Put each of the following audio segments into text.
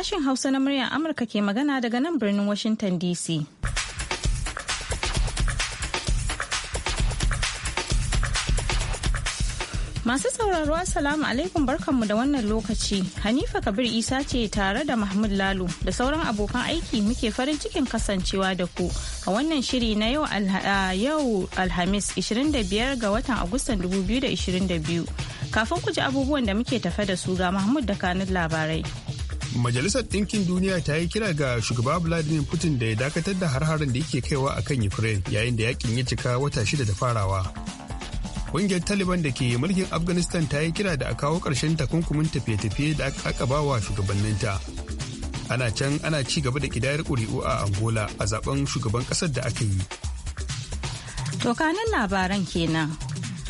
Sashen Hausa na muryar Amurka ke magana daga nan birnin Washington DC. Masu sauraro Assalamu alaikum barkanmu da wannan lokaci. Hanifa Kabir Isa ce tare da Mahmud Lalo da sauran abokan aiki muke farin cikin kasancewa da ku a wannan shiri na yau Alhamis 25 ga watan Agustan 2022. Kafin ku ji abubuwan da muke tafe da su ga Mahmud da kanun labarai. Majalisar Ɗinkin Duniya ta yi kira ga shugaba Vladimir Putin da ya dakatar da harharin harin da yake kaiwa a kan Ukraine yayin da yakin ya cika wata shida da farawa. Ƙungiyar Taliban da ke mulkin Afghanistan ta yi kira da a kawo ƙarshen takunkumin tafiye-tafiye da aka kakaba wa shugabanninta. Ana can ana ci gaba da kidayar ƙuri'u a Angola a zaben shugaban ƙasar da aka yi. Tokanin labaran kenan.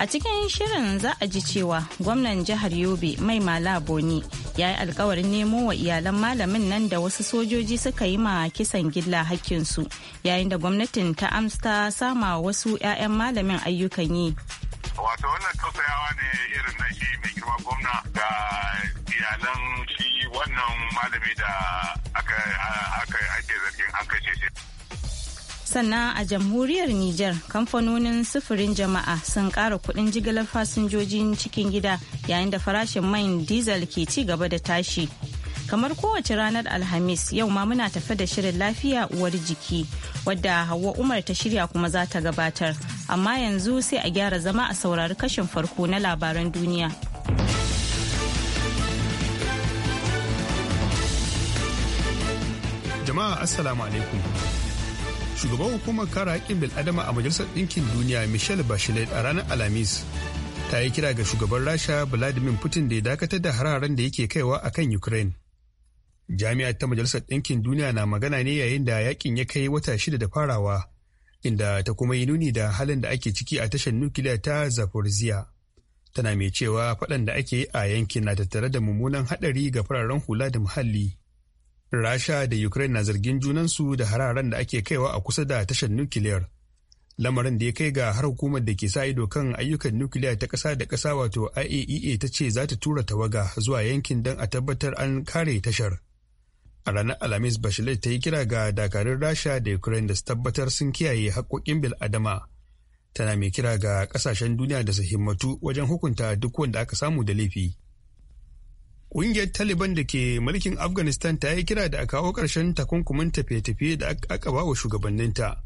A cikin shirin za a ji cewa gwamnan jihar Yobe mai malaboni ya yi alkawarin nemo wa iyalan malamin nan da wasu sojoji suka yi ma kisan gilla hakkinsu yayin da gwamnatin ta amsta sama wasu 'ya'yan malamin ayyukan yi. Wato wannan tausayawa ne irin na shi mai girma gwamna ga iyalan shi wannan malami da aka ake zargin an kashe shi. sannan a jamhuriyar Nijar kamfanonin sufurin jama'a sun ƙara kuɗin jigilar fasinjojin cikin gida yayin da farashin man diesel ke ci gaba da tashi. Kamar kowace ranar Alhamis yau ma muna tafe da shirin lafiya uwar jiki wadda Hauwa Umar ta shirya kuma za ta gabatar. Amma yanzu sai a gyara zama a saurari kashin farko na labaran duniya. Jama'a Assalamu alaikum. shugaban hukumar kare haƙƙin Adama a majalisar ɗinkin duniya michelle bachelet a ranar alhamis ta yi kira ga shugaban rasha vladimir putin da ya dakatar da hararen da yake kaiwa a kan ukraine Jami'a ta majalisar ɗinkin duniya na magana ne yayin da yakin ya kai wata shida da farawa inda ta kuma yi nuni da halin da ake ciki a tashar nukiliya ta zaporizhia tana mai cewa faɗan da ake yi a yankin na tattare da mummunan haɗari ga fararen hula da muhalli Rasha da Ukraine na zargin junansu da hararen da ake kaiwa a kusa da tashar nukiliyar. Lamarin da ya kai ga har hukumar da ke sa ido kan ayyukan nukiliya ta ƙasa da ƙasa wato IAEA e ta ce za ta tura tawaga zuwa yankin don a tabbatar an kare tashar. A ranar Alhamis Bachelet ta yi kira ga dakarun Rasha da Ukraine da su tabbatar sun kiyaye haƙƙoƙin bil'adama. Tana mai kira ga ƙasashen duniya da su himmatu wajen hukunta duk wanda aka samu da laifi. Ƙungiyar Taliban da ke mulkin Afghanistan ta yi kira da a kawo ƙarshen takunkumin tafiye-tafiye da aka ba wa shugabanninta.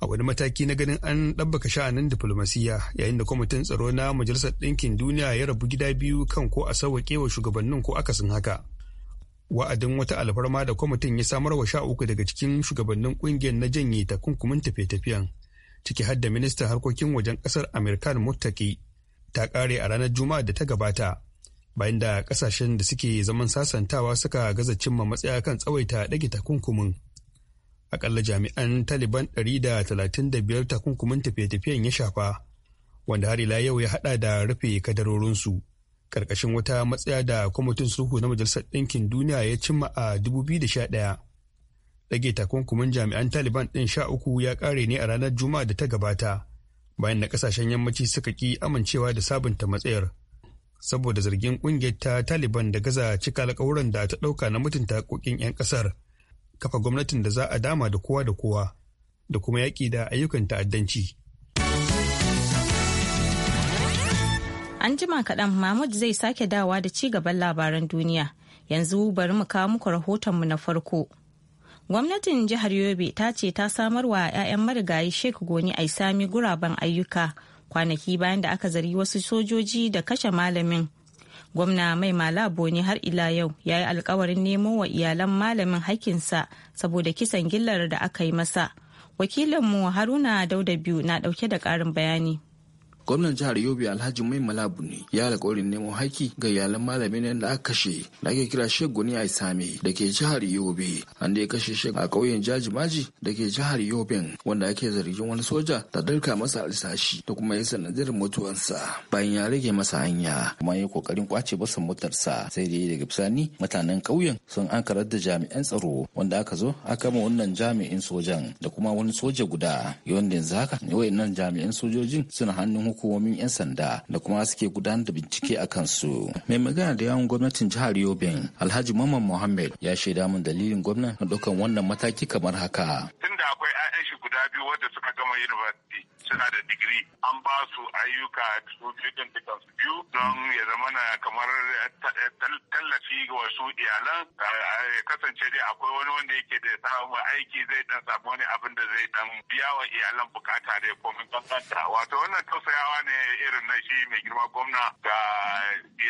A wani mataki na ganin an ɗabbaka sha'anin diflomasiyya yayin da kwamitin tsaro na Majalisar Ɗinkin Duniya ya rabu gida biyu kan ko a sauwaƙe wa shugabannin ko akasin haka. Wa'adin wata alfarma da kwamitin ya samar wa sha uku daga cikin shugabannin ƙungiyar na janye takunkumin tafiye-tafiyen ciki har da ministan harkokin wajen ƙasar Amerikan Muttaki ta ƙare a ranar Juma'a da ta gabata. bayan da kasashen da suke zaman sasantawa suka gaza cimma matsaya kan tsawaita ɗage takunkumin akalla jami'an taliban 135 takunkumin tafiye-tafiyen ya shafa wanda har ila yau ya haɗa da rufe kadarorinsu karkashin wata matsaya da kwamitin sulhu na majalisar ɗinkin duniya ya cimma a 2011 ɗage takunkumin jami'an taliban ɗin sha uku ya ƙare ne a ranar juma'a da ta gabata bayan da ƙasashen yammaci suka ƙi amincewa da sabunta matsayar saboda zargin kungiyar ta Taliban da gaza cika alkawuran da ta ɗauka na mutunta hakokin 'yan ƙasar, kafa gwamnatin da za a dama da kowa da kowa, da kuma yaƙi da ayyukan ta'addanci. An jima kaɗan Mahmud zai sake dawa da ci gaban labaran duniya. Yanzu bari mu kawo muku rahotonmu na farko. Gwamnatin jihar Yobe ta ce ta samar wa 'ya'yan marigayi Sheikh Goni sami guraben ayyuka kwanaki bayan da aka zari wasu sojoji da kashe malamin gwamna mai malabo ne har ila yau ya yi alkawarin nemo wa iyalan malamin hakinsa saboda kisan gillar da aka yi masa wakilinmu haruna dauda biyu na ɗauke da ƙarin bayani gwamnan jihar yobe alhaji mai malabu ne ya alkawarin neman haki ga iyalan malamin nan da aka kashe da ake kira shek goni a isami da ke jihar yobe an da ya kashe shek a ƙauyen Jaji Maji da ke jihar yobe wanda ake zargin wani soja da dalka masa alsashi da kuma ya sanadiyar mutuwansa bayan ya rage masa hanya kuma ya kokarin kwace masa motarsa sai da dai daga bisani mutanen ƙauyen sun ankarar da jami'an tsaro wanda aka zo aka ma wannan jami'in sojan da kuma wani soja guda yawan yanzu haka wayannan jami'an sojojin suna hannun hukumomin 'yan sanda da kuma suke gudanar da bincike a kansu. Mai magana da yawon gwamnatin jihar Yobin Alhaji Mamman Mohammed ya shaida min dalilin gwamnan na ɗaukan wannan mataki kamar haka. Tunda akwai 'ya'yan shi guda biyu wadda suka gama yunifasiti suna da digiri an ba su ayyuka su biyu din biyu don ya zama na kamar tallafi ga wasu iyalan eh, ya kasance dai akwai wani wanda yake da samun aiki zai dan samu wani abin da zai dan biya wa iyalan bukata da komin kankanta wato wannan tausayawa ne irin na shi mai girma gwamna ga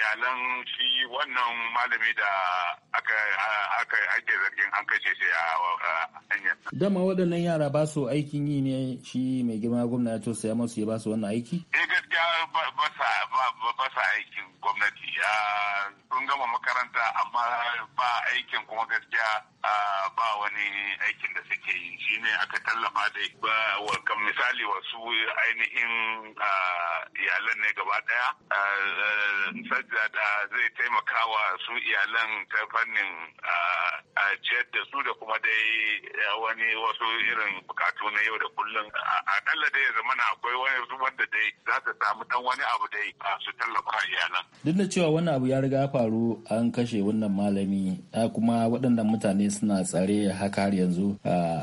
iyalan shi wannan malami da aka aka ake zargin an kashe shi a hanyar. Dama waɗannan yara ba su aikin yi ne shi mai girma gwamna ya ya masu ya ba su wannan aiki? Eh gaskiya ba sa aikin gwamnati. Sun gama makaranta amma ba aikin kuma gaskiya ba wani aikin da suke yi shi ne aka tallafa da ba kan misali wasu ainihin iyalan ne gaba ɗaya. da zai taimaka wa su iyalan ta fannin a ciyar da su da kuma dai wani wasu irin bukatu na yau da kullum ɗalla dai ya zama na akwai wani zubar da dai za ta samu dan wani abu dai su tallafa iyalan. Duk da cewa wannan abu ya riga faru an kashe wannan malami kuma waɗannan mutane suna tsare haka har yanzu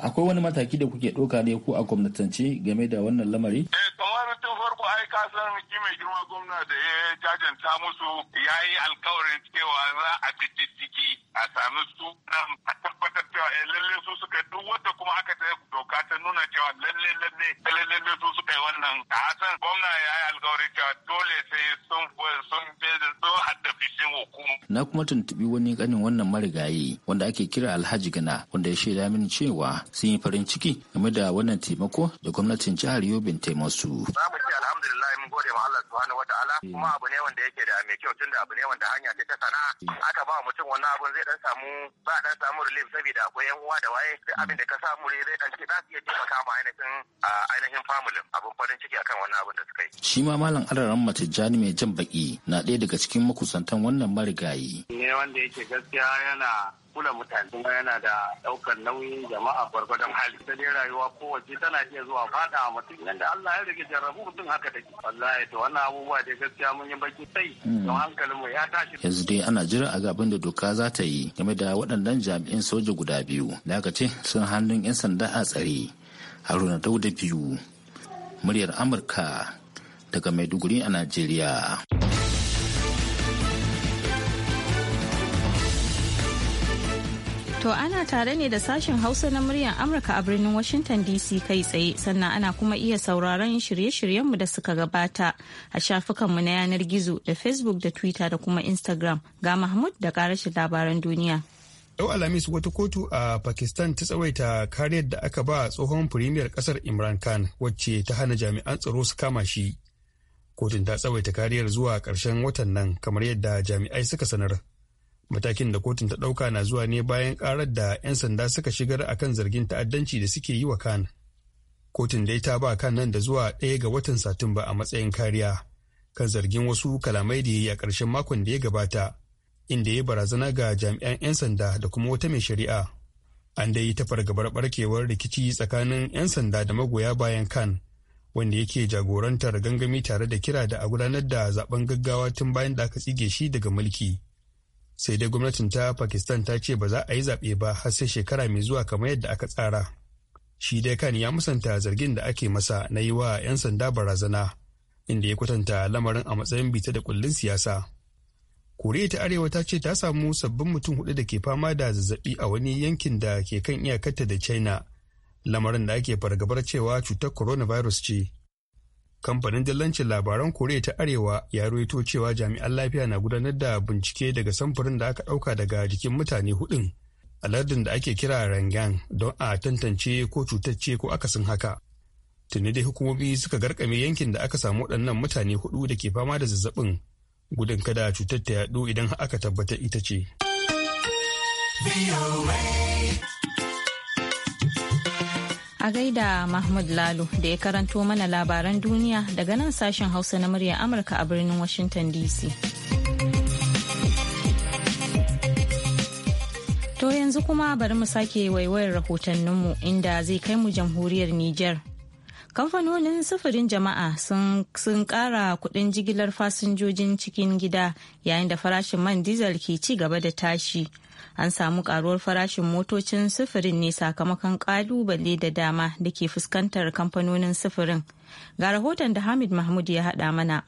akwai wani mataki da kuke ɗauka ne ko a gwamnatance game da wannan lamari? Eh, kasan mai girma gwamna da ya jajanta musu ya yi alkawarin cewa za a bi diddiki a sami su cewa eh, lalle su suka duk wanda kuma aka ta doka ta nuna cewa lalle lalle lalle lalle su suka yi wannan a hasan gwamna ya yi alkawari cewa dole sai sun sun sun haddafi fishin hukuma. Na kuma tuntubi wani kanin wannan marigayi wanda ake kira Alhaji Gana wanda ya shaida mini cewa sun yi farin ciki game da wannan taimako da gwamnatin jihar Yobin taimasu. Za mu ce alhamdulillah mun gode ma Allah subhanahu wataala eh. kuma abu ne wanda yake da mai kyau tunda abu ne wanda hanya ce ta sana'a eh. aka ba mutum wannan abun zai dan samu ba dan samu relief saboda akwai yan uwa da waye duk abin da ka samu ne zai ɗauki za su iya taimaka ma ainihin ainihin abin farin ciki akan wannan abin da suka yi. Shi ma malam adaran mace jani mai jan baki na ɗaya daga cikin makusantan wannan marigayi. Ne wanda yake gaskiya yana kula mutane kuma yana da ɗaukar nauyin jama'a gwargwadon hali ta dai rayuwa kowace tana iya zuwa fada a mutum nan Allah ya rage jarrabu mutum haka take wallahi to wannan abubuwa dai gaskiya mun yi baki sai hmm. don hankalin mu ya tashi yanzu dai ana jira a gaban da doka za ta yi game da waɗannan jami'in soja guda biyu da aka ce sun hannun 'yan sanda a tsare haruna dauda biyu muryar amurka daga maiduguri a najeriya. To ana tare ne da sashen Hausa na muryar Amurka a birnin Washington DC kai tsaye sannan ana kuma iya sauraron shirye-shiryenmu da suka gabata a shafukanmu na yanar gizo da Facebook da Twitter da kuma Instagram ga Mahmud da karashin labaran duniya. Yau Alhamis wata kotu a Pakistan ta tsawaita kariyar da aka ba tsohon firimiyar kasar Imran Khan wacce ta hana jami'an tsaro su kama shi. Kotun ta tsawaita kariyar zuwa ƙarshen watan nan kamar yadda jami'ai suka sanar. matakin da kotun ta ɗauka na zuwa ne bayan ƙarar da 'yan sanda suka shigar a kan zargin ta'addanci da suke yi wa kan kotun dai ta ba kan nan da zuwa ɗaya ga watan satumba a matsayin kariya kan zargin wasu kalamai da ya yi a ƙarshen makon da ya gabata inda ya barazana ga jami'an 'yan sanda da kuma wata mai shari'a an dai ta fargabar barkewar rikici tsakanin 'yan sanda da magoya bayan kan wanda yake jagorantar gangami tare da kira da a gudanar da zaben gaggawa tun bayan da aka tsige shi daga mulki sai dai gwamnatin ta pakistan ta ce ba za a yi zaɓe ba har sai shekara mai zuwa kamar yadda aka tsara shi dai kan ya musanta zargin da ake masa na yi wa 'yan sanda barazana inda ya kwatanta lamarin a matsayin bita da kullun siyasa koriya ta arewa ta ce ta samu sabbin mutum hudu da ke fama da zazzabi a wani yankin da ke kan iyakarta da china lamarin da ake fargabar cewa cutar coronavirus ce kamfanin dillancin labaran koriya ta arewa ya ruwaito cewa jami'an lafiya na gudanar da bincike daga samfurin da aka ɗauka daga jikin mutane hudun a lardin da ake kira rangan don a tantance ko cutacce ko akasin haka tuni dai hukumomi suka garkame yankin da aka samu waɗannan mutane hudu da ke fama da zazzabin gudun kada cutar ta yaɗu idan aka tabbatar ita ce. A gaida Mahmud Lalu da ya karanto mana labaran duniya daga nan sashen Hausa na murya Amurka a birnin Washington DC. To yanzu kuma bari mu sake waiwayar rahotanninmu inda zai kai mu jamhuriyar niger kamfanonin sufurin jama'a sun kara kudin jigilar fasinjojin cikin gida yayin da farashin man diesel ke ci gaba da tashi an samu karuwar farashin motocin sufurin ne sakamakon kalubale da dama da ke fuskantar kamfanonin sufurin ga rahoton da hamid mahmud ya haɗa mana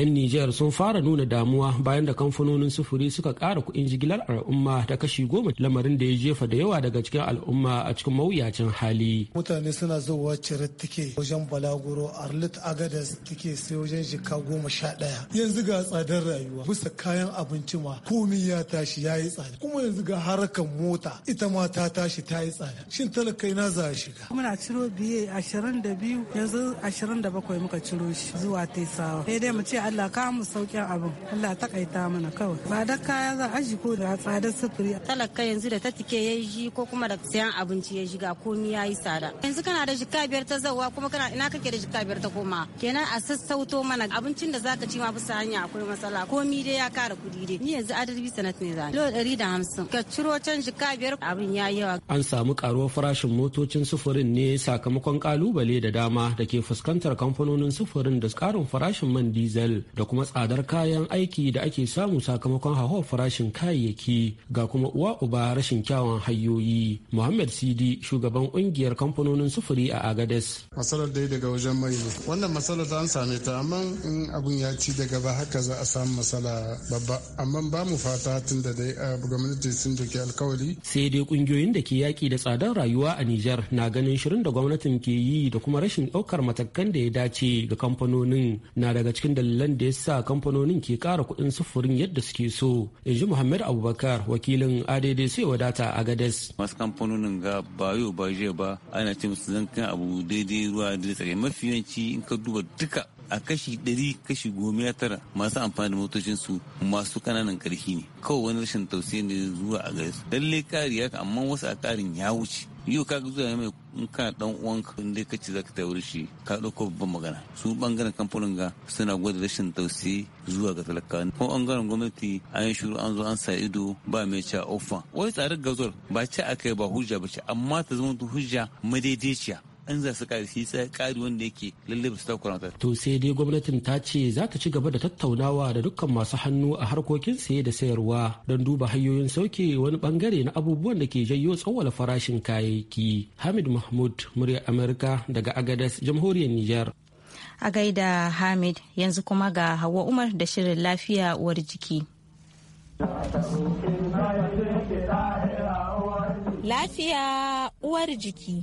'yan Nijar sun fara nuna damuwa bayan da kamfanonin sufuri suka kara kuɗin jigilar al'umma ta kashi goma lamarin da ya jefa da yawa daga cikin al'umma a cikin mawuyacin hali. Mutane suna zuwa cirit tike wajen balaguro Arlit Agadas tike sai wajen shika goma sha ɗaya. Yanzu ga tsadar rayuwa bisa kayan abinci ma komi ya tashi ya yi tsada. Kuma yanzu ga harkar mota ita ma ta tashi ta yi tsada. Shin talakai na za shiga. Muna ciro biye ashirin da biyu yanzu ashirin da bakwai muka ciro shi zuwa tesawa. Sai Allah ka mu sauƙin abin Allah kaita mana kawai ba da kaya za a ko da tsada sufuri talaka yanzu da ta tike ya ji ko kuma da sayan abinci ya shiga komi ya yi tsada yanzu kana da jikka biyar ta zawa kuma kana ina kake da jikka biyar ta koma kenan a sassauto mana abincin da zaka ci ma bisa hanya akwai matsala komi dai ya kara kudi dai ni yanzu adarbi sanat ne zani lo ɗari da hamsin ka ciro can jikka biyar abin ya yi yawa an samu karuwar farashin motocin sufurin ne sakamakon kalubale da dama da ke fuskantar kamfanonin sufurin da karin farashin man diesel dizal da kuma tsadar kayan aiki da ake samu sakamakon hauhawar farashin kayayyaki ga kuma uwa uba rashin kyawun hayoyi Muhammad Sidi shugaban kungiyar kamfanonin sufuri a Agades. Masalar dai daga wajen mai ne. Wannan masalar ta an same ta amma in abun ya ci daga ba haka za a samu masala babba. Amma ba mu fata tun da dai ah, gwamnati sun doki alkawari. Sai dai kungiyoyin da ke yaki da tsadar rayuwa a Nijar na ganin shirin da gwamnatin ke yi da kuma rashin ɗaukar matakan da ya dace ga kamfanonin na daga cikin dalilan dalilan da ya sa kamfanonin ke kara kuɗin sufurin yadda suke so in ji muhammad abubakar wakilin adaidai wadata a gadas masu kamfanonin ga bayo ba ba ana ce musu zankan abu daidai ruwa da tsare mafi yanci in ka duba duka a kashi ɗari kashi goma ya tara masu amfani da motocin su masu kananan karfi ne kawai wani rashin tausayi ne zuwa a gare su kariya amma wasu a karin ya wuce yau ka zuwa mai in ka dan uwanka in ka ci zaka tauri shi ka dauko babban magana su bangaren kamfanin ga suna gwada rashin tausayi zuwa ga talakawa ko bangaren gwamnati an yi shuru an zo an sa ido ba mai cewa ofa wai tsarin gazor ba ce aka yi ba hujja ba ce amma ta zama hujja madaidaiciya an zasu shi sai kari wanda yake lalle su takura to sai dai gwamnatin ta ce za ta ci gaba da tattaunawa da dukkan masu hannu a harkokin saye da sayarwa don duba hanyoyin sauke wani bangare na abubuwan da ke janyo tsawwala farashin kayayyaki hamid mahmud muryar Amerika daga agadas jamhuriyar niger a gaida hamid yanzu kuma ga hawa umar da shirin lafiya uwar jiki lafiya uwar jiki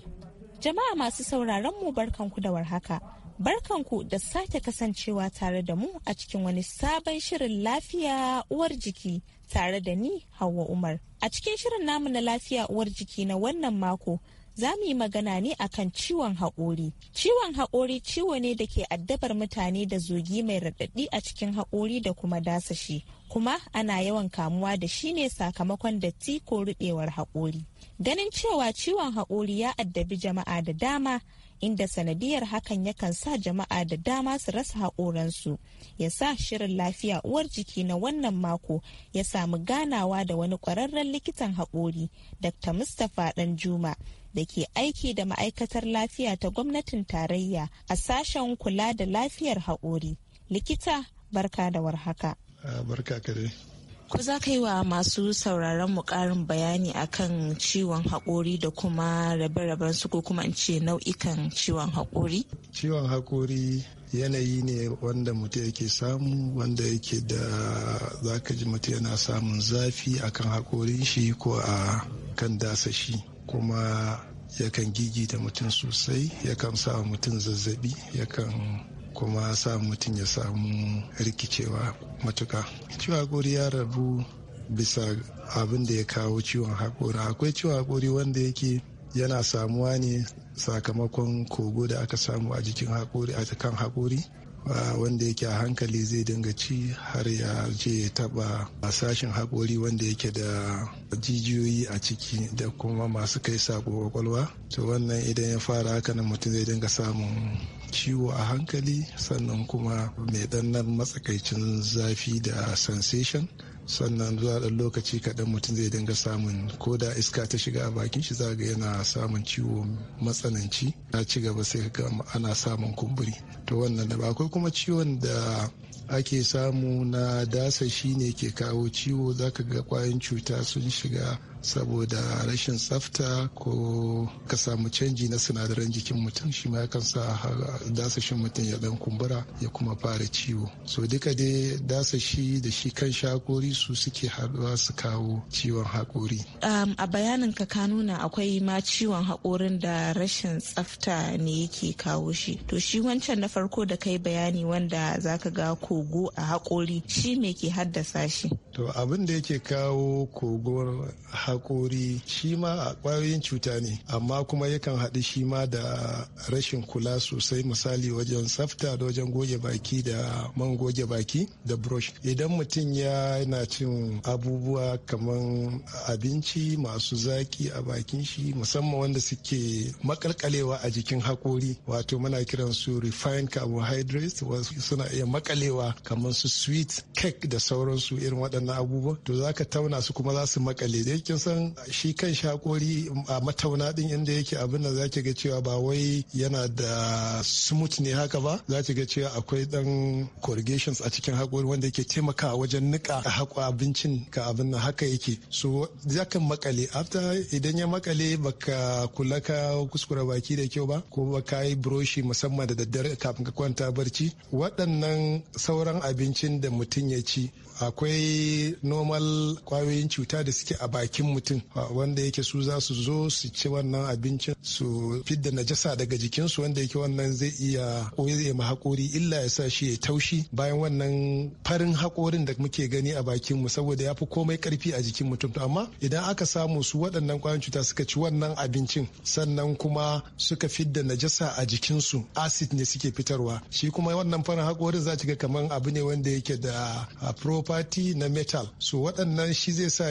Jama'a masu sauraron mu barkanku da warhaka. Barkanku da sake kasancewa tare da mu a cikin wani sabon shirin lafiya uwar jiki tare da ni hawa Umar. A cikin shirin namu na lafiya uwar jiki na wannan mako za mu yi magana ne akan ciwon haƙori. Ciwon haƙori ciwo ne da ke addabar mutane da zogi mai raɗaɗi a cikin haƙori da kuma dasashi, kuma ana yawan kamuwa da shi ne sakamakon datti ko ruɓewar haƙori. Ganin cewa ciwon haƙori ya addabi jama'a da dama, inda sanadiyar hakan yakan sa jama'a da dama su rasa haƙoransu ya sa shirin lafiya uwar jiki na wannan mako ya samu ganawa da wani ƙwararren likitan haƙori dr mustapha ɗanjuma da ke aiki da ma'aikatar lafiya ta gwamnatin tarayya a sashen kula da lafiyar haƙori. Likita barka da warhaka. Barka kare. Ko za ka yi wa masu sauraron mu ƙarin bayani akan ciwon haƙori da kuma rabe-raben su ko kuma in ce nau'ikan ciwon haƙori? Ciwon haƙori yanayi ne wanda mutum yake samu wanda yake da za ka ji mutum yana samun zafi akan haƙorin shi ko a kan dasa shi. kuma yakan gigita mutum sosai yakan sa mutum zazzabi yakan kuma sa mutum ya samu rikicewa matuka ciwon hakori ya rabu bisa abin da ya kawo ciwon hakori akwai ciwon hakori wanda yake yana samuwa ne sakamakon kogo da aka samu a jikin haƙori a kan haƙori wanda yake a hankali zai dinga ci har ya je ya taba sashen haƙori wanda yake da jijiyoyi a ciki da kuma masu kai sako kwakwalwa to wannan idan ya fara haka nan mutum zai dinga samun ciwo a hankali sannan kuma mai ɗannan matsakaicin zafi da sensation sannan zuwa ɗan lokaci kaɗan mutum zai dinga samun ko da iska ta shiga a bakin shi za yana samun ciwo matsananci na ci gaba sai ga ana samun kumburi to wannan da akwai kuma ciwon da ake samu na dasa shine ke kawo ciwo zaka ga kwayan cuta sun shiga saboda rashin tsafta ko ka samu canji na sinadaran jikin mutum shi ma yakan sa dasashin mutum ya dan kumbura ya kuma fara ciwo so duka dai dasashi da shi kan shakori su suke haɗuwa su kawo ciwon haƙori um, a bayanin ka ka nuna akwai ma ciwon haƙorin da rashin tsafta ne yake kawo shi to shi wancan na farko da kai bayani wanda zaka ga kogo a haƙori shi me ke haddasa shi to abin da yake kawo kogon haƙori shi ma a ƙwayoyin cuta ne amma kuma yakan haɗu shi ma da rashin kula sosai misali wajen tsafta da wajen goge baki da man goge baki da brush idan mutum ya na cin abubuwa kamar abinci masu zaki a bakin shi musamman wanda suke makalkalewa a jikin hakori wato muna kiran su refined carbohydrates wasu suna iya makalewa kamar su sweet cake da sauransu irin waɗannan abubuwa to za ka tauna su kuma za su makale da yake kin san shi kan shakori a matauna din inda yake abin da zaki ga cewa ba wai yana da smooth ne haka ba zaki ga cewa akwai dan corrugations a cikin hakori wanda yake taimaka wajen nika a hako abincin ka abin nan haka yake so zakan makale after idan ya makale baka kula ka kuskura baki da kyau ba ko baka yi broshi musamman da daddare kafin ka kwanta barci waɗannan sauran abincin da mutum ya ci akwai normal kwayoyin cuta da suke a bakin mutum ah, wanda yake su za su zo su ci wannan abincin su fidda najasa daga jikinsu wanda yake wannan zai iya zai ma haƙori illa ya sa shi ya taushi bayan wannan farin haƙorin da muke gani a bakin mu saboda ya fi komai karfi a jikin mutum to amma idan aka samu su waɗannan kwayoyin cuta suka ci wannan abincin sannan kuma suka fidda najasa a jikinsu acid ne suke fitarwa shi kuma wannan farin haƙorin za ci ga kamar abu ne wanda yake da ah, fati na metal so waɗannan shi zai sa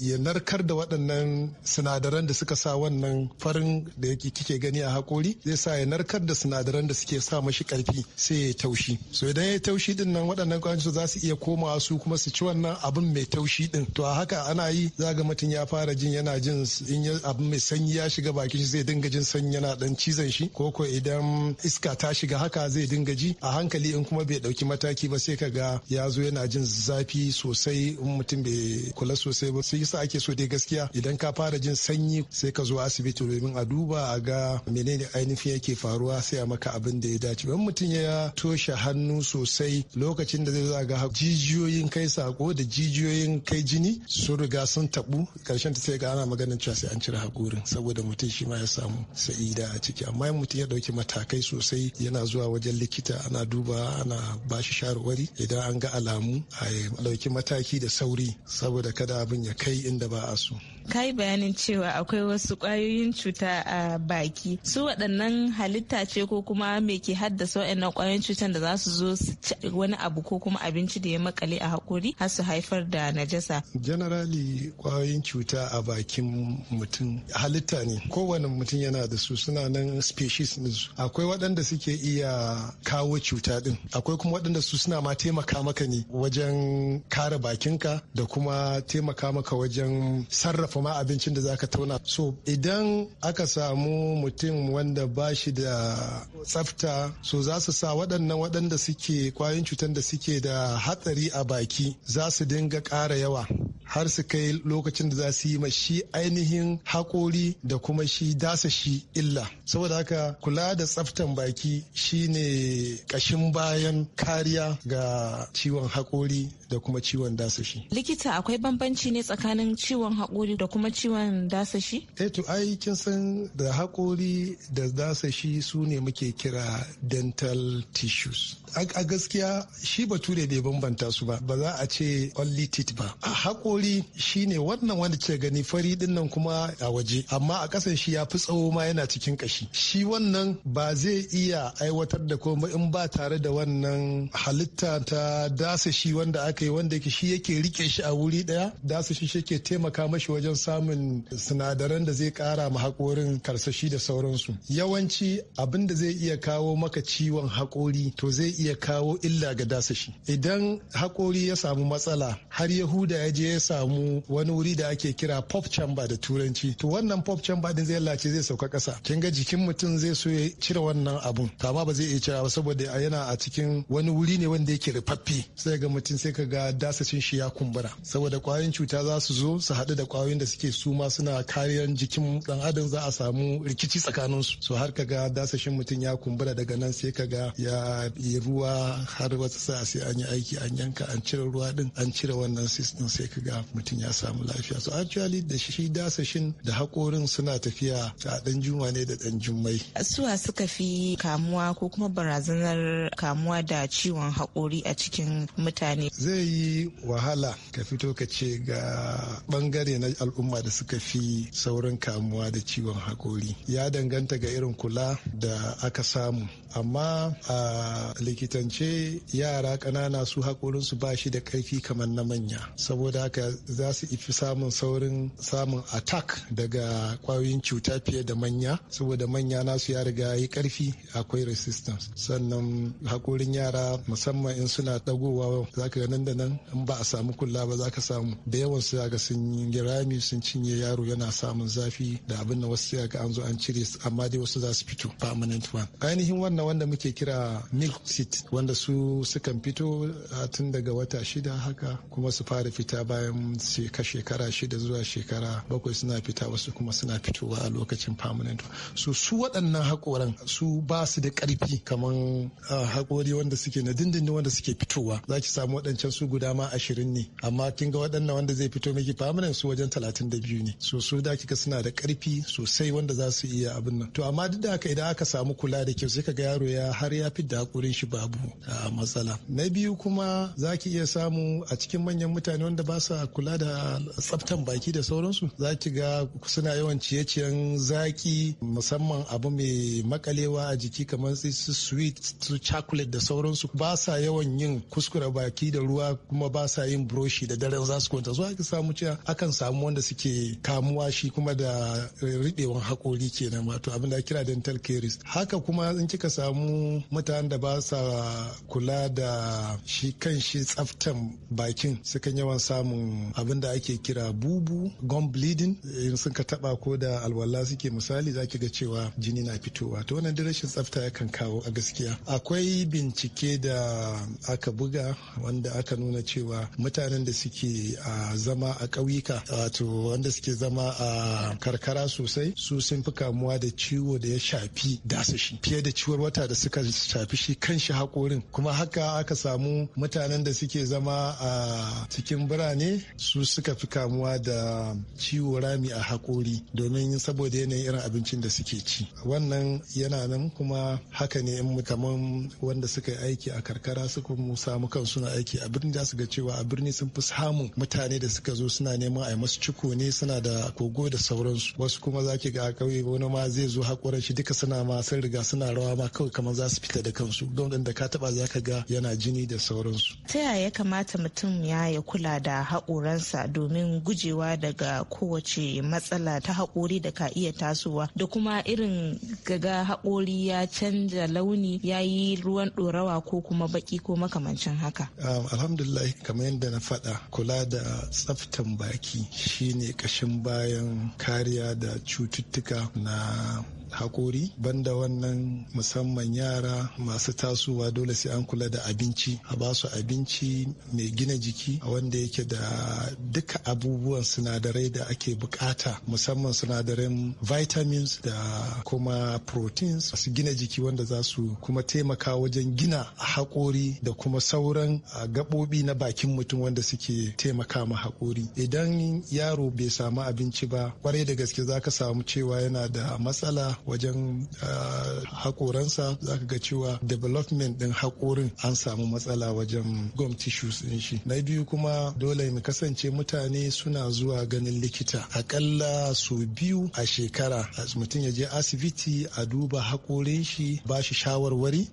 ya narkar da waɗannan sinadaran da suka sa wannan farin da yake kike gani a hakori zai sa ya narkar da sinadaran da suke sa mashi karfi sai ya taushi so idan ya taushi din nan waɗannan kwanci za su iya komawa su kuma su ci wannan abin mai taushi din to a haka ana yi za ga mutum ya fara jin yana jin in abin mai sanyi ya shiga baki shi zai dinga jin sanyi yana dan cizon shi ko ko idan iska ta shiga haka zai dinga ji a hankali in kuma bai ɗauki mataki ba sai ka ga ya zo yana jin zai. zafi sosai in mutum bai kula sosai ba sai yasa ake so dai gaskiya idan ka fara jin sanyi sai ka zo asibiti domin a duba a ga menene ainihin yake faruwa sai a maka abin da ya dace in mutum ya toshe hannu sosai lokacin da zai zo a ga jijiyoyin kai sako da jijiyoyin kai jini sun riga sun tabu karshen ta sai ga ana maganin cewa sai an cire hakorin saboda mutum shi ma ya samu sa'ida a ciki amma mutum ya ɗauki matakai sosai yana zuwa wajen likita ana duba ana bashi shawarwari idan an ga alamu a ɗauki mataki da sauri saboda kada abin ya kai inda ba a so. ka yi bayanin cewa akwai wasu kwayoyin cuta a baki su waɗannan halitta ce ko kuma me ke haddasa waɗannan kwayoyin cutar da za su zo su wani abu ko kuma abinci da ya makale a hakori har su haifar da najasa generally kwayoyin cuta a bakin mutum halitta ne kowane mutum yana da su suna nan species ne akwai waɗanda suke iya kawo cuta din akwai kuma waɗanda su suna ma taimaka maka ne wajen kare bakinka da kuma taimaka maka wajen sarrafa sarrafa ma abincin da ka tauna so idan aka samu mutum wanda ba shi da tsafta so za su sa waɗannan waɗanda suke kwayoyin cutar da suke da hatsari a baki za su dinga ƙara yawa har su kai lokacin da za su yi ma shi ainihin haƙori da kuma shi dasa shi illa saboda haka kula da tsaftan baki shine ƙashin bayan kariya ga ciwon haƙori da kuma ciwon dasa shi. Likita akwai bambanci ne tsakanin ciwon haƙori da kuma ciwon dasashi? Eh to ai kin san da haƙori da dasa shi su ne muke kira dental tissues. a gaskiya shi bature bai bambanta su ba ba za a ce only teeth ba a haƙori shine wannan wanda ke gani fari din nan kuma a waje amma a ƙasan shi ya fi tsawo ma yana cikin ƙashi shi wannan ba zai iya aiwatar da komai in ba tare da wannan halitta ta dasa shi wanda aka yi wanda shi yake rike shi a wuri ɗaya dasa shi yake taimaka mashi wajen samun sinadaran da zai kara ma haƙorin karsashi da sauransu yawanci abin da zai iya kawo maka ciwon haƙori to zai iya kawo illa ga dasashi idan haƙori ya samu matsala har yahuda ya je ya samu wani wuri da ake kira pop chamber da turanci to wannan pop chamber din zai lalace zai sauka ƙasa kin ga jikin mutum zai so ya cire wannan abun to amma ba zai iya cira ba saboda yana a cikin wani wuri ne wanda yake rufaffe sai ga mutum sai ka ga dasashin shi ya kumbura saboda kwayoyin cuta za su zo su haɗu da kwayoyin da suke suma suna kariyar jikin dan adam za a samu rikici tsakaninsu so har ka ga dasashin mutum ya kumbura daga nan sai ka ga ya yi ruwa har wata sa'a sai an yi aiki an yanka an cire ruwa din an cire wannan cyst din sai ga mutum ya samu lafiya so actually da shi dasashin da haƙorin suna tafiya a dan juma ne da dan jummai suwa suka fi kamuwa ko kuma barazanar kamuwa da ciwon hakori a cikin mutane zai yi wahala ka fito ka ce ga bangare na al'umma da suka fi saurin kamuwa da ciwon hakori ya danganta ga irin kula da aka samu amma a likitance yara ƙanana su haƙorinsu ba shi da ƙarfi kamar na manya saboda haka za su ifi samun saurin samun attack daga kwayoyin cuta fiye da manya saboda manya nasu ya riga yi ƙarfi akwai resistance sannan haƙorin yara musamman in suna ɗagowa za ka nan da nan in ba a samu kula ba za ka samu da yawan su ga sun yi rami sun cinye yaro yana samun zafi da abin da wasu ga an zo an cire amma dai wasu za su fito permanent one ainihin wannan wanda muke kira milk seed state wanda su sukan fito tun daga wata shida haka kuma su fara fita bayan ka shekara shida zuwa shekara bakwai suna fita wasu kuma suna fitowa a lokacin permanent so su waɗannan haƙoran su ba su da ƙarfi kamar haƙori wanda suke na dindindin wanda suke fitowa za ki samu waɗancan su guda ma ashirin ne amma kin ga waɗannan wanda zai fito miki permanent su wajen talatin da biyu ne so su da kika suna da ƙarfi sosai wanda za su iya abin nan to amma duk da haka idan aka samu kula da kyau sai ka ga yaro ya har ya fi da haƙorin shi ba Abu a matsala na biyu kuma za ki iya samu a cikin manyan mutane wanda ba sa kula da tsaftan baki da sauransu za ki ga suna yawan ciye-ciyen zaki musamman abu mai makalewa a jiki kamar su sweet su chocolate da sauransu ba sa yawan yin kuskure baki da ruwa kuma ba sa yin broshi da daren za su kwanta zuwa ki samu cewa akan samu wanda suke kamuwa shi kuma da riɗewan haƙori kenan wato abin da kira dental caries haka kuma in kika samu mutanen da ba sa kula da shi kan shi tsaftan bakin sukan yawan samun abin da ake kira bubu gum bleeding in sun ka taba ko da alwala suke misali zaki ga cewa jini na fitowa to wannan da rashin tsafta yakan kawo a gaskiya akwai bincike da aka buga wanda aka nuna cewa mutanen da suke zama a ƙauyuka wato wanda suke zama a karkara sosai su sun fi kamuwa da ciwo da ya shafi dasashi fiye da ciwon wata da suka shafi shi kanshi shi haƙorin kuma haka aka samu mutanen da suke zama a cikin birane su suka fi kamuwa da ciwo rami a haƙori domin saboda yanayin irin abincin da suke ci wannan yana nan kuma haka ne in kaman wanda suka yi aiki a karkara suka samu kan suna aiki a birni za su ga cewa a birni sun fi samun mutane da suka zo suna neman a yi masu ciko ne suna da kogo da sauransu wasu kuma za ki ga a ƙauye wani ma zai zo haƙorin shi duka suna ma sun riga suna rawa ma kawai kamar za su fita da kansu don dan da ka taba za ka ga yana jini da sauransu ta yaya kamata mutum ya ya kula da haƙoransa domin gujewa daga kowace matsala ta haƙori da ka iya tasowa da kuma irin gaga haƙori ya canja launi ya yi ruwan ɗorawa ko kuma baƙi ko makamancin haka um, alhamdulillah kamar yadda na faɗa kula da tsaftan baki shine ƙashin bayan kariya da cututtuka na hakori banda wannan musamman yara masu tasowa dole sai an kula da abinci a ba su abinci mai gina jiki wanda yake da duka abubuwan sinadarai da ake bukata musamman sinadaran vitamins da kuma proteins su gina jiki wanda za su kuma taimaka wajen gina hakori. da kuma sauran gaɓoɓi na bakin mutum wanda suke taimaka ma hakori idan yaro bai samu abinci ba kwarai da gaske za ka samu cewa yana da matsala wajen ah, hakoransa za ka ga cewa development din hakorin an samu matsala wajen gum tissues din shi na biyu kuma dole mu kasance mutane suna zuwa ganin likita akalla su biyu a shekara mutum ya je asibiti a duba hakorin shi ba shi shawarwari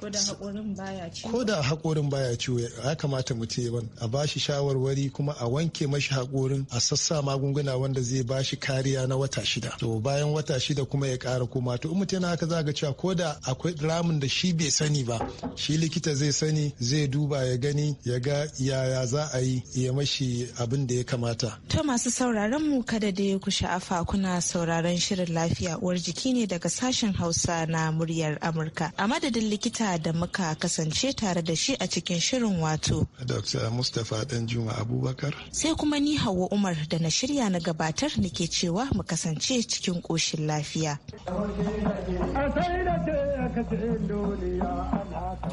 ko da hakorin baya ciwo ya kamata mutum a ba shi shawarwari kuma a wanke mashi hakorin a sassa magunguna wanda zai ba shi kariya na wata shida to bayan wata shida kuma ya kara koma wato in mutum haka za ga cewa ko da akwai ramin da shi bai sani ba shi likita zai sani zai duba ya gani ya ga yaya za a yi ya mashi abin da ya kamata to masu sauraron mu kada da ku sha'afa kuna sauraron shirin lafiya uwar jiki ne daga sashen hausa na muryar amurka a madadin likita da muka kasance tare da shi a cikin shirin wato dr mustapha dan juma abubakar sai kuma ni hawa umar da na shirya na gabatar nake cewa mu kasance cikin koshin lafiya.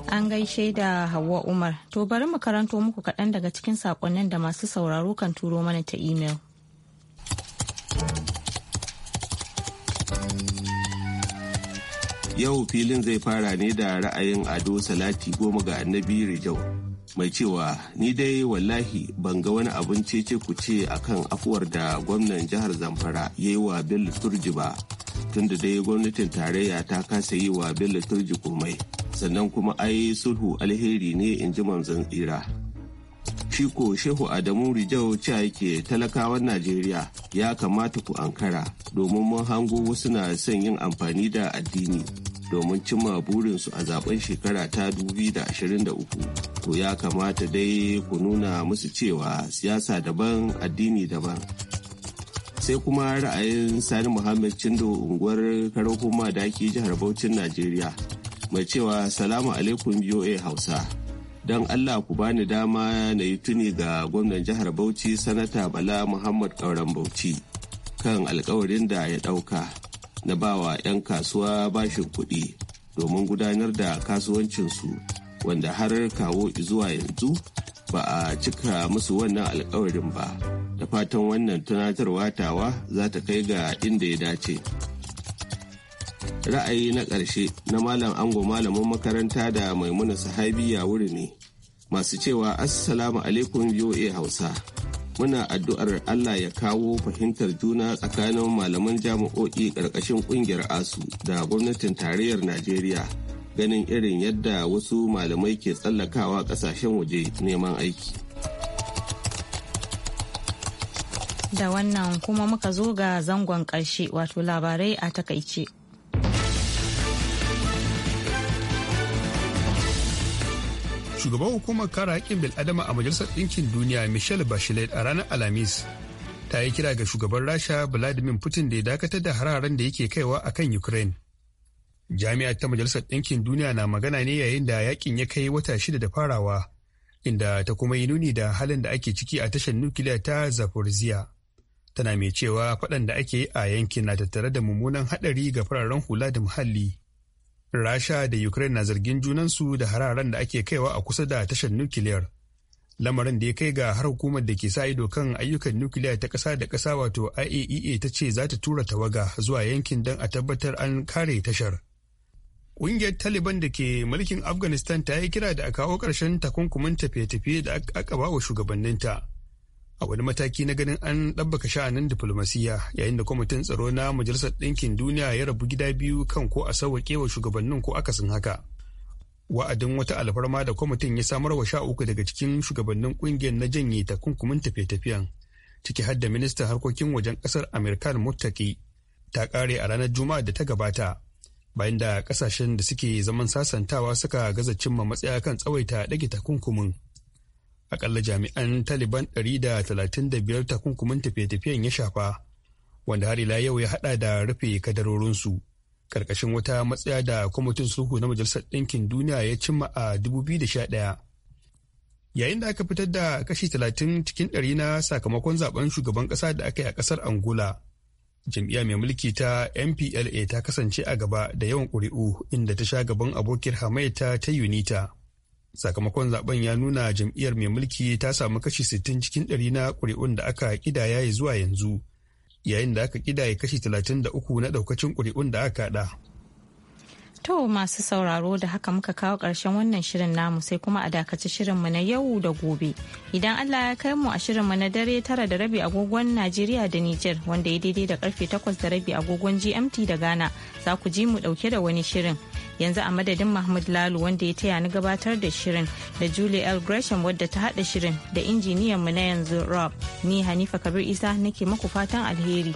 An gaishe da Hauwa Umar. To bari mu karanto muku kaɗan daga cikin saƙonnin da masu sauraro kan turo mana ta imel. Yau filin zai fara ne da ra'ayin Ado Salati goma ga Annabi Rijau. mai cewa ni dai wallahi ban ga wani abin cece ku ce akan afuwar da gwamnan jihar zamfara ya yi wa bello turji ba tunda dai gwamnatin tarayya ta kasa yi wa bello turji komai sannan kuma ai sulhu alheri ne in ji manzon tsira Shiko, shehu adamu rijau cewa yake talakawan najeriya ya kamata ku ankara domin mun hango wasu na son yin amfani da addini domin cimma burinsu a zaben shekara ta 2023 to ya kamata dai ku nuna musu cewa siyasa daban addini daban sai kuma ra'ayin sani muhammad cindo unguwar karokuma da ke jihar Bauchin najeriya mai cewa salamu alaikum voa hausa don allah ku bani dama na yi tuni ga gwamnan jihar bauchi sanata bala muhammad kauran bauchi kan alkawarin da ya ɗauka. na bawa 'yan kasuwa bashin kuɗi domin gudanar da kasuwancinsu wanda har kawo zuwa yanzu ba a cika musu wannan alkawarin ba da fatan wannan tunatarwa tawa za ta kai ga inda ya dace ra'ayi na ƙarshe na malam ango malamin makaranta da maimuna sahabi ya wuri ne masu cewa assalamu alaikum voa hausa muna addu'ar Allah ya kawo fahimtar juna tsakanin malaman jami'o'i ƙarƙashin ƙungiyar ASU da gwamnatin tarayyar Najeriya ganin irin yadda wasu malamai ke tsallakawa ƙasashen waje neman aiki. Da wannan kuma muka zo ga zangon ƙarshe wato labarai a takaice. shugaban hukumar kare haƙƙin bil'adama a majalisar ɗinkin duniya michelle bachelet a ranar alhamis ta yi kira ga shugaban rasha vladimir putin da ya dakatar da hararen da yake kaiwa a kan ukraine jami'a ta majalisar ɗinkin duniya na magana ne yayin da yakin ya kai wata shida da farawa inda ta kuma yi nuni da halin da ake ciki a tashar nukiliya ta zaporizhia tana mai cewa faɗan da ake yi a yankin na tattare da mummunan haɗari ga fararen hula da muhalli Rasha da Ukraine na zargin junansu da hararen da ake kaiwa a kusa da tashar nukiliyar. Lamarin da ya kai ga har hukumar da ke sa ido kan ayyukan nukiliya ta ƙasa da ƙasa wato IAEA e ta ce za ta tura tawaga zuwa yankin don a tabbatar an kare tashar. Ƙungiyar Taliban da ke mulkin Afghanistan ta yi kira da a kawo ƙarshen takunkumin tafiye-tafiye da aka ba wa shugabanninta. a wani mataki na ganin an ɗabbaka sha'anin diflomasiyya yayin da kwamitin tsaro na majalisar ɗinkin duniya ya rabu gida biyu kan ko a sauwaƙe wa shugabannin ko akasin haka wa'adin wata alfarma da kwamitin ya samar wa sha uku daga cikin shugabannin ƙungiyar na janye takunkumin tafiye-tafiyen ciki har da ministan harkokin wajen ƙasar amerikan muttaki ta ƙare a ranar juma'a da ta gabata bayan da ƙasashen da suke zaman sasantawa suka gaza cimma matsaya kan tsawaita ɗage takunkumin akalla jami'an taliban 135 takunkumin tafiye-tafiyen ya shafa wanda har ila yau ya hada da rufe kadarorinsu karkashin wata matsaya da kwamitin sulhu na majalisar ɗinkin duniya ya cimma a 2011 yayin da aka fitar da kashi 30 cikin 100 na sakamakon zaben shugaban ƙasa da aka yi a ƙasar angola jam'iyya mai mulki ta mpla ta kasance a gaba da yawan ƙuri'u inda ta sha gaban abokiyar hamayya ta unita sakamakon zaben ya nuna jam'iyyar mai mulki ta samu kashi 60 cikin ɗari na ƙuri'un da aka ƙidaya zuwa yanzu yayin da aka ƙidaya kashi 33 na ɗaukacin ƙuri'un da aka haɗa. To masu sauraro da haka muka kawo ƙarshen wannan shirin namu sai kuma a dakaci mu na yau da gobe. Idan Allah ya kai mu a shirin mu na dare tara da rabi agogon Najeriya da Nijar wanda ya daidai da karfe takwas da rabi agogon GMT da Ghana za ku ji mu ɗauke da wani shirin. yanzu a madadin mahmud lalu wanda ya taya ni gabatar da shirin da julie l gresham wadda ta hada shirin da injiniyan mu na yanzu rob ni hanifa kabir isa nake muku fatan alheri